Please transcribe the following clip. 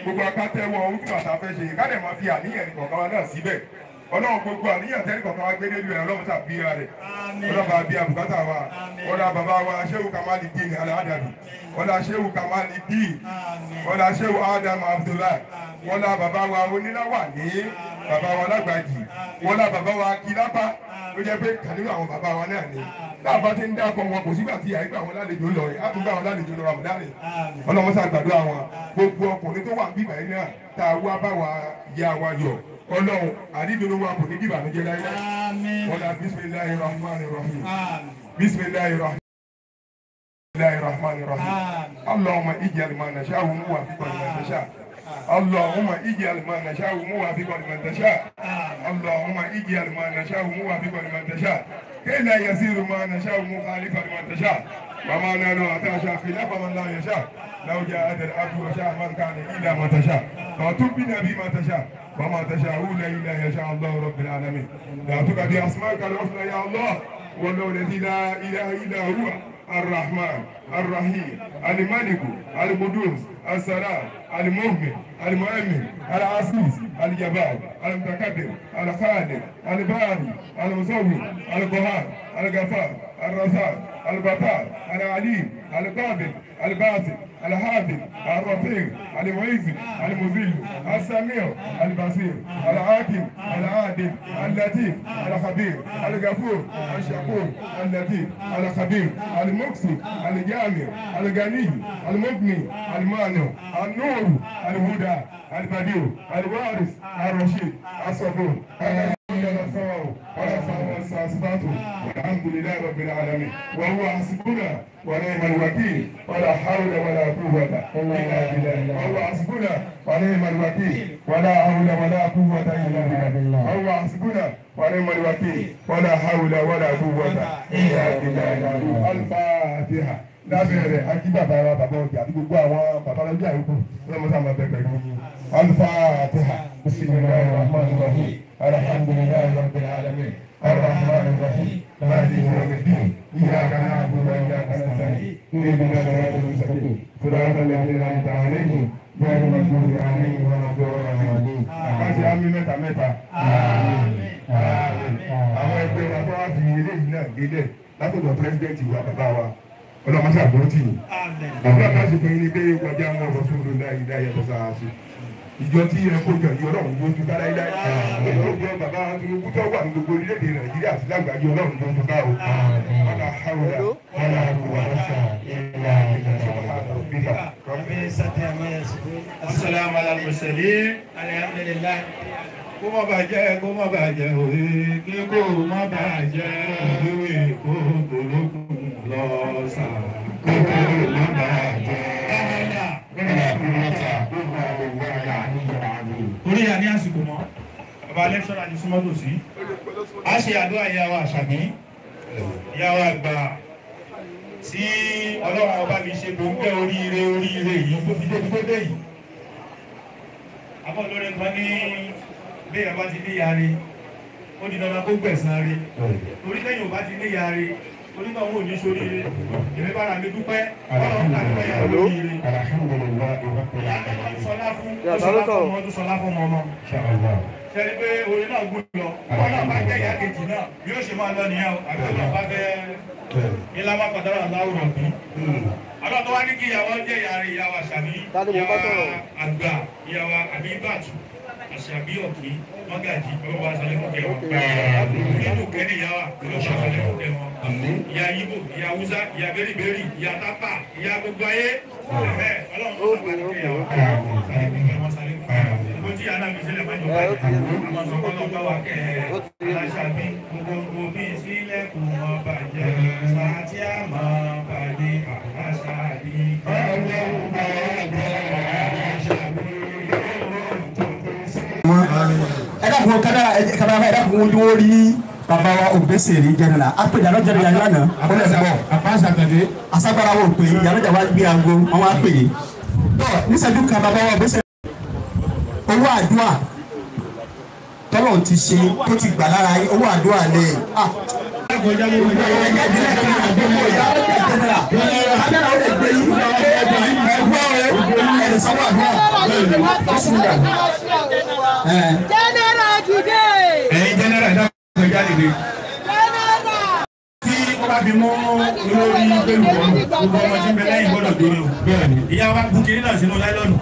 Gbogbo akátẹ́wọ̀ orúkọ àtàfẹ́ ṣe, ká lè máa fi àníyàn nìkan kan náà síbẹ̀ ọlọ́run gbogbo àníyàn tẹ́lẹ̀ kọ̀ọ̀kan wá gbélé lu ẹ̀ ọlọ́run tà bí ara rẹ̀ ọlọ́run bá bí abùkátà wa ọlá bàbá wa aṣẹ́wò kamali dín aládàbí ọlá aṣẹ́wò kamali dín ọlá aṣẹ́wò adam abdullahi ọlá bàbá wa oníláwà ní bàbá wa lágbàjì ọlá bàbá wa kìlápá ló jẹ́ pé kàdúrú àwọn bàbá wa náà ni bàbá ti ń dákọ̀ wọn kò sígbà tí àyíká àwọn lálejò lọ rẹ̀ àti àwọn lálejò lọ ràmùdá rẹ̀ ọlọ́mọ sàgbàdo àwọn gbogbo ọkùnrin tó wà ń bíbà yìí náà tá a wá bá wa ya wa yọ ọlọ́run àdídúró wa kò ní bíbà ló jẹ́ láyé ọ̀la bisimilayi rahman rahim bisimilayi rahman. اللهم اجعل ما نشاء موافقا لما تشاء اللهم اجعل ما نشاء موافقا لما تشاء اللهم اجعل ما نشاء موافقا لمن تشاء كي لا يسير ما نشاء مخالفا لمن تشاء وما نحن أتاشا خلاف من لا يشاء لو جاء العبد وشاء من كان إلا ما تشاء فتبنا بما تشاء وما تشاءون إلا يشاء الله رب العالمين لا تبقى بأسمائك الحسنى يا الله والله الذي لا إله إلا هو الرحمن الرحيم الملك القدوس السلام المؤمن المؤمن العزيز الجبار المتكبر الخالق الباري المصور القهار الغفار الرزاق البطال العليم القابل الباسل الحافظ الرفيق المعز المذل السميع البصير العاقل العادل اللطيف الخبير الغفور الشكور اللطيف الخبير المكسي الجامع الغني المبني المانع النور الهدى البديع الوارث الرشيد الصبور إلا غفاره ورفعنا ساسباته والحمد لله رب العالمين وهو حسبنا ونعم الوكيل ولا حول ولا قوة إلا بالله وهو حسبنا ونعم الوكيل ولا حول ولا قوة إلا بالله وهو حسبنا ونعم الوكيل ولا حول ولا قوة إلا بالله الفاتحة lábẹ́rẹ̀ àti bàbá wa bàbá ọjà àti gbogbo àwọn bàbá ọjà yòókù lọ́mọ sáà máa bẹ pẹ̀lú alufa àti ha bisimilayi rahman rahim. الحمد لله رب العالمين الرحمن الرحيم مالك يوم الدين اياك نعبد واياك نستعين اهدنا الصراط المستقيم صراط الذين انعمت عليهم غير المغضوب عليهم ولا الضالين àkáṣe àmì mẹ́ta mẹ́ta àwọn ẹgbẹ́ wa tó wá fi eléyìí náà gbélé látọ̀dọ̀ pírẹsidẹ́ǹtì wa bàbá wa ọlọ́mọṣẹ́ àgbọ̀ntì ni bàbá àkáṣe fún yín ní pé wàjà mọ́ ọ̀rọ̀ sóòrò láyé láyé ọ̀sán àṣù ìjọ tí ẹ kó jọ yìí ọlọ́run lójú bá láyé láyé ọ̀gá Tinubu tó wà ní gbogbo orílẹ̀-èdè Nàìjíríà àti lágbàáyé Ọlọ́run ló ń bá o. ọ̀là àwòrán ọ̀là àwòrán ìlà ìlà ربي kó má bàjẹ́ kó má bàjẹ́ òwe kí kó má bàjẹ́ òwe kó. lẹ́kṣọ́rà ti súnmọ́ tòsí a ṣe àdúrà ìyá wa àṣàmì ìyá wa àgbà tí ọlọ́run ọba mi ṣe gbòǹgbẹ́ oríire oríire yìí tó fi débi tó dé yìí àbọ̀ lórí nǹkan ní bí ìyá bá ti ní ìyá rẹ̀ ó di dandan kó gbẹ̀sán rẹ̀ torí lẹ́yìn ò bá ti ní ìyá rẹ̀ onígbà wo ní sori ire èmi bára mi dúpẹ́ ọlọ́run ká dúpẹ́ yàrá lórí ire. sọlá fún ọmọ ọdún sọlá fún ọmọ ọmọ tẹ́lẹ̀ pé orin náà gùn lọ wọn náà bá jẹ́ ìyá kejì náà yóò ṣe máa lọ nìyẹn o àbí ọ̀nà bá fẹ́ ilá má pàtàkì aláwùrọ̀ bí. àwọn hmm. tó wá ní kí ìyàwó jẹ́ ìyàwó àṣàbí ìyàwó àgbà ìyàwó àbí bàtù àṣàbí ọ̀kí mọ́gàjì ọlọ́wọ́ aṣàlẹ́kùnkẹ́ wọn. nínú kẹ́ni ìyàwó lọ́sọ̀ aṣàlẹ́kùnkẹ́ wọn. ìyá Ìgbò ìyá Haúsá ìyá bẹ́rìbẹ́rì ìyá tápà ìyá gbogbo ayé ọlọ́run tí alábi sílẹ̀ mẹ́jọ báyìí àmọ́ sọ́kọ́lọ́ bá wa kẹ́ ẹ̀ aláṣàbí gbogbo mi sílẹ̀ kò mọ bàjẹ́ sàtí àmọ́ bàdé aláṣàbí. ẹ dàpọ̀ kábàrà ẹ kábàrà ẹ dàpọ̀ ojú wo rí bàbá wa Obesere jẹnana apèjà lọ́jọ́ yàrá náà ó lè bọ̀ asagbara wo pè é yàrá jà wá gbé aago wọn wá pè é nísàdúkà bàbá wa Obesere owó àdúà tọ́lọ̀ ti ṣe tó ti gbà lára owó àdúà lẹ̀ jẹnẹra jide. ẹyin jẹnẹra dákọ̀ jáde de bá fi mọ́ olórí pẹ̀lú ọ̀rọ̀ ọmọ tí ń bẹ lẹ́yìn gbọ́dọ̀ dórí o. ìyá wa bukiri náà sínú láìlọ́nù.